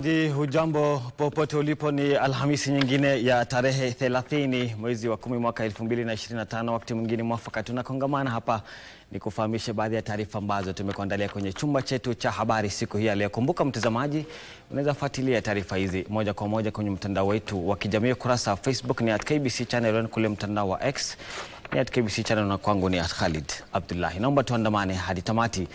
Di hujambo popote ulipo, ni Alhamisi nyingine ya tarehe 30 mwezi wa 10 mwaka 2025, wakati mwingine mwafaka tunakongamana hapa ni kufahamisha baadhi ya taarifa ambazo tumekuandalia kwenye chumba chetu cha habari siku hii ya leo. Kumbuka mtazamaji, unaweza fuatilia taarifa hizi moja kwa moja kwenye mtandao wetu wa kijamii, kurasa wa Facebook ni at KBC Channel kule mtandao wa X ni at KBC Channel na kwangu ni at Khalid Abdullahi. Naomba tuandamane hadi tamati.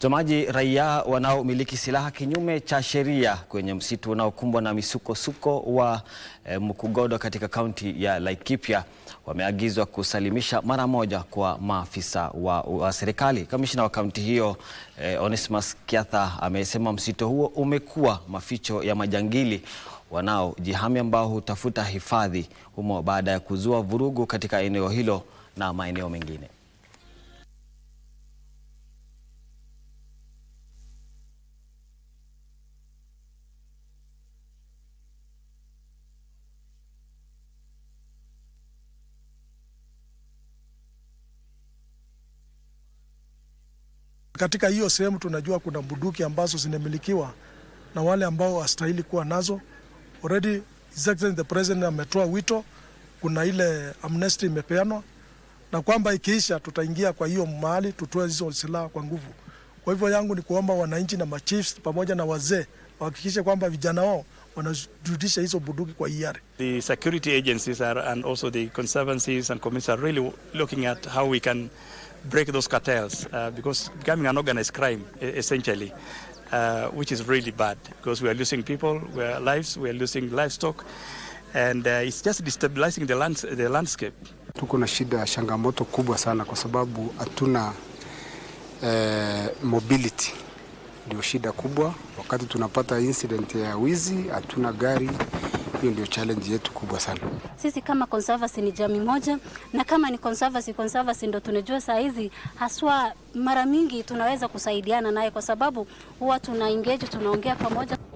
Mtazamaji, raia wanaomiliki silaha kinyume cha sheria kwenye msitu unaokumbwa na misukosuko wa e, Mukugodo katika kaunti ya Laikipia wameagizwa kusalimisha mara moja kwa maafisa wa, wa serikali. Kamishna wa kaunti hiyo e, Onesmus Kiatha amesema msitu huo umekuwa maficho ya majangili wanaojihami ambao hutafuta hifadhi humo baada ya kuzua vurugu katika eneo hilo na maeneo mengine. Katika hiyo sehemu tunajua kuna bunduki ambazo zinamilikiwa na wale ambao hastahili kuwa nazo. Already His the President ametoa wito, kuna ile amnesty imepeanwa, na kwamba ikiisha tutaingia kwa hiyo mahali tutoe hizo silaha kwa nguvu. Kwa hivyo yangu ni kuomba wananchi na machiefs pamoja na wazee wahakikishe kwamba vijana wao wanarudisha hizo bunduki kwa hiari. The security agencies are and also the conservancies and commissioners are really looking at how we can break those cartels uh, because becoming an organized crime e-, essentially uh, which is really bad because we are losing people we are lives we are losing livestock and uh, it's just destabilizing the, lands, the landscape. Tuko na shida ya changamoto kubwa sana kwa sababu hatuna eh, mobility ndio shida kubwa. Wakati tunapata incident ya wizi hatuna gari hiyo ndio challenge yetu kubwa sana. Sisi kama Conservancy ni jamii moja, na kama ni Conservancy, Conservancy ndio tunajua saa hizi haswa, mara mingi tunaweza kusaidiana naye kwa sababu huwa tuna engage, tunaongea pamoja.